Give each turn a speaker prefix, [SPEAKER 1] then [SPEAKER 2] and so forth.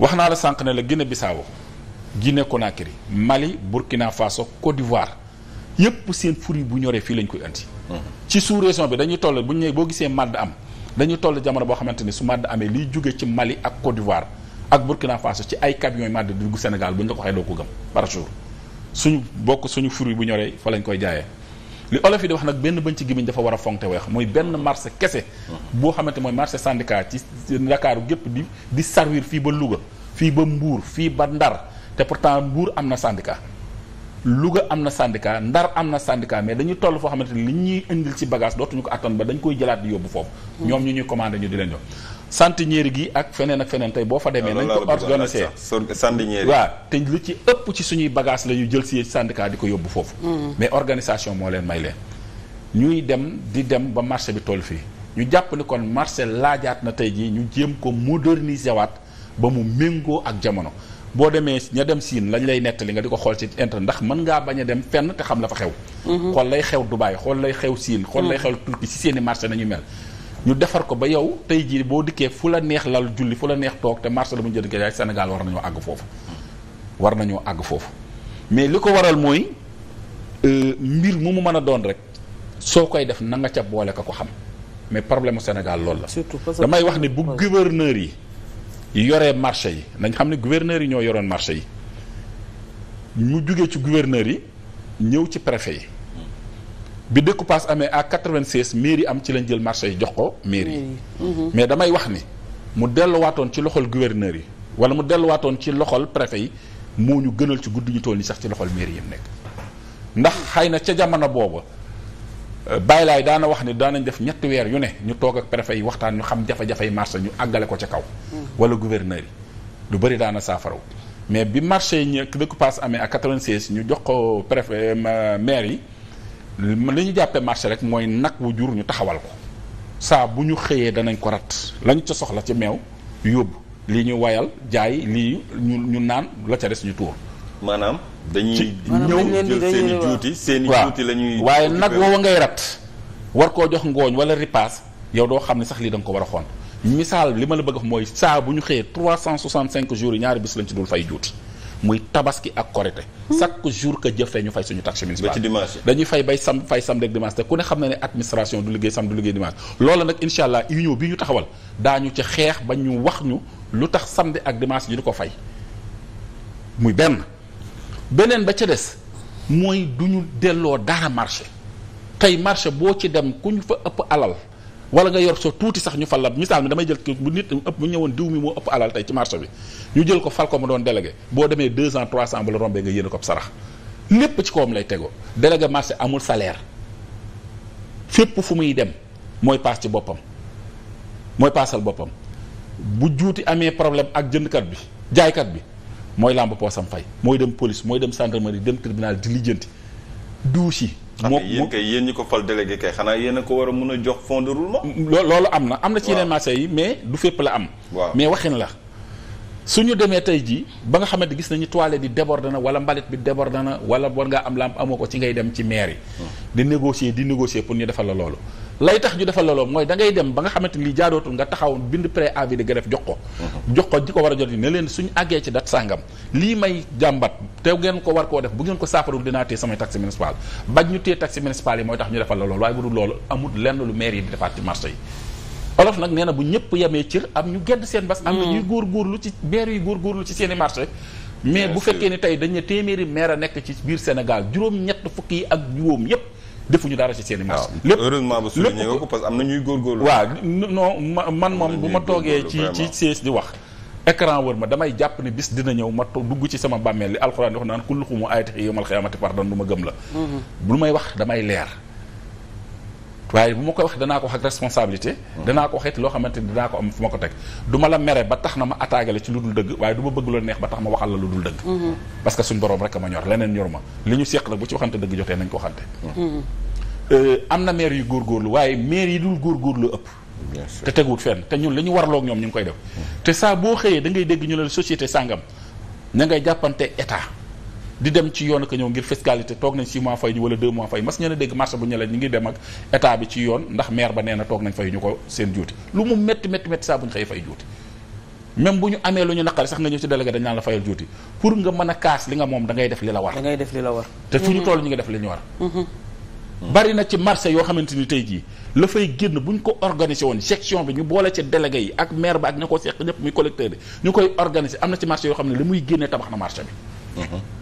[SPEAKER 1] wax naa la sànq ne la Guinée Bissau Guinée Conakry Mali Burkina Faso Côte d'Ivoire yépp seen fruit bu ñoree fii lañ koy andi. Mhm. ci sous région bi dañuy toll bu ñu boo gisee màdd am dañuy toll jamono boo xamante ni su màdd amee liy jóge ci Mali ak Côte d'Ivoire ak Burkina Faso ci ay camions màdd dugg Sénégal bu ñu la ko waxee doo ko gëm par jour suñu bokk suñu fruit bu ñoree fa lañu koy jaayee. li olof yi di wax nag benn bañ ci gimiñ dafa war a fonk te weex mooy benn marché kese boo xamante mooy marché syndicat ci ndakaaru gépp di di servir fii ba Louga fii ba Mbuur fii ba Ndar te pourtant Mbuur am na sandika Louga am na syndicat Ndar am na syndicat mais dañuy toll foo xamante ni li ñuy indil ci bagage dootuñu ko attan ba dañ koy jëlaat di yóbbu foofu. ñoom ñu ñuy commandé ñu di leen jox. santinière gi ak feneen ak feneen tey boo fa demee. Ah, nañ ko organiser santinière waaw te lu ci ëpp ci suñuy bagage la ñu jël si syndicat di ko yóbbu foofu. Mm. mais organisation moo leen may leen. ñuy dem di dem ba marché bi toll fii ñu jàpp ni kon marché laajaat na tey jii ñu jéem ko moderniser waat ba mu méngoo ak jamono. boo demee ña dem siin lañ lay nettali nga di ko xool ci internet ndax mën ngaa bañ a dem fenn te xam la fa xew mhm. xool lay xew Dubaï xool lay xew siin xool lay mhm. xew Turquie ci seeni marché nañu mel ñu defar ko ba yow tey jii boo dikkee fu la neex lal julli fu la neex toog te marché la mu jënd ko yaay Sénégal war nañoo àgg foofu war nañoo àgg foofu mais li ko waral mooy euh, mbir mu mu mën a doon rek soo koy def na nga ca boole ka ko xam mais problème mu Sénégal la surtout damay wax ne bu gouverneur yi yi yoree marché yi nañ xam ne gouverneurs yi ñoo yoroon marché yi mu jugee ci gouverneurs yi ñëw ci préfet yi bi découpage amee à 96 mairie am ci lañ jël marché yi jox ko mairie yi mhm. mais damay wax ni mu delluwaatoon ci loxol gouverneurs yi wala mu delluwaatoon ci loxol préfet yi moo ñu gënal ci gudd ñu tool ni sax ci loxol mairie yi nekk ndax xëy na ca jamono booba Euh, Baye Laay daana wax ni daanañ def ñetti weer yu ne ñu toog ak préfet yi waxtaan ñu xam jafe-jafey marché ñu àggale ko ca kaw. Mm. wala gouverneur yi lu bëri daana saafaraw mais bi marché yi ñu découpage amee ak 96 ñu jox ko préfet euh, maire yi li ñu jàppee marché rek mooy nag wu jur ñu taxawal ko saa bu ñu xëyee danañ ko rat lañu ca soxla ci meew yóbbu lii ñu wayal jaay lii ñu ñu naan la ca des ñu tuur. maanaam dañuy ñëw jël seen i juuti seen i juuti la ñuy waaye nag a ngay rat war koo jox ngooñ wala ripaas yow doo xam ne sax lii da ko war a xoon misaal li ma la bëgg a wax mooy saa bu ñu xëyee trois 365 jours yi ñaari bis lañ ci dul fay juuti muy tabaski ak korite chaque jour que jëfee ñu fay suñu taxe municipale dañuy fay bay sam fay samedi ak dimanche te ku ne xam na ne administration du liggéey samedi du liggéey dimanche loola nag incha allah union bi ñu taxawal xeex ba ñu wax ñu lu tax samedi ak dimanche ñu di ko fay benn beneen ba ca des mooy du ñu delloo dara marché tey marché boo ci dem ku ñu fa ëpp alal wala nga yor sa tuuti sax ñu fal la misaal mi damay jël kii bu nit ëpp bu ñëwoon diw mi moo ëpp alal tey ci marché bi ñu jël ko fal ko mu doon délégué boo demee deux ans trois ans bu la rombee nga yéene ko sarax lépp ci kawam lay tego délégué marché amul salaire fépp fu muy dem mooy paas ci boppam mooy paasal boppam bu juuti amee problème ak jëndkat bi jaaykat bi. mooy làmb poosam fay mooy dem police mooy dem gendarmerie dem tribunal di lijjanti duus yi. moo yéen kay yéen ñi ko fal délégué kay xanaa yéen ko war a mun a jox fond de roulement. loolu am na am na ci yeneen marché yi mais du fépp la am. mais waxin la ñu demee tey jii ba nga xamante gis nañu toilette di déborde na wala mbalet bi déborde na wala war ngaa am làmp amoo ko ci ngay dem ci maire yi. Hmm. di négocier di négocier pour ñu defal la loolu. lay tax ñu defal la mooy da dem ba nga xamante ni jaadootul nga taxaw bind préavis de grève jox ko mhm. jox ko ji ko war a jot yi ne leen suñu àggee ci dat sàngam lii may jàmbat te ngeen ko war koo def bu ngeen ko saafarul dinaa téye samay taxe municipal bañ ñu téye taxe municipal yi mooy tax ñu defal la loolu waaye bu dul loolu amul lenn lu meer yi di defaat ci marché yi olof nag nee bu ñëpp yemee cër am ñu gedd seen bas am na ñuy mm. góorgóorlu ci maire yi góorgóorlu ci seen i mais bu fekkee ni tey dañ téeméeri maire a nekk ci biir Sénégal juróom fukk yi ak juróom yépp defuñu dara ci seeni i lépp heureusement ba souligné nga ko parce que am man moom bu ma toogee ci ci siège di wax écran wër ma damay jàpp ni bis dina ñëw ma dugg ci sama bàmmeel li alxuraan di wax naan kulluxumu ayati yawmal xiyaamati pardon du ma gëm la mm-hmm. lu may wax damay leer waaye bu ma koy wax danaa ko wax ak responsabilité. danaa ko wax it loo xamante ni danaa ko am fu ma ko teg du ma la mere ba tax na ma attaqué la ci lu dul dëgg waaye du ma bëgg la neex ba tax ma waxal la lu dul dëgg. Mm-hmm. parce que suñ borom rek a ma ñor leneen ñor ma li ñu seq nag bu ci waxante dëgg jotee nañ ko waxante. Mm-hmm. Euh, am na maire yu góorgóorlu waaye maire yi dul góorgóorlu ëpp. te teguwut fenn te ñun li ñu warloo ñoom ñu ngi koy def. Mm-hmm. te saa boo xëyee da ngay dégg ñu ne société sàngam ña ngay jàppante état. di dem ci yoon ak ñëw ngir fiscalité toog nañ 6 mois fay ñu wala 2 mois fay mas ñu ne dégg marché bu ñu la ñu ngi nee ko seen juuti lu mu métti métti saa bu ñu xëy fay juuti même bu ñu amee lu ñu naqari sax nga ñëw ci délégué dañ la fayal juuti pour nga mën a kaas li nga moom da def li la war da ngay def li la war te fu ñu ñu ngi def li war mm-hmm. bari na ci marché yoo xamante ni tey jii la fay génn bu ñu ko organisé woon section bi ñu boole ci délégué yi ak maire ba ak ña ko seq organisé am na ci marché xam ne li muy génnee tabax na marché bi mm-hmm.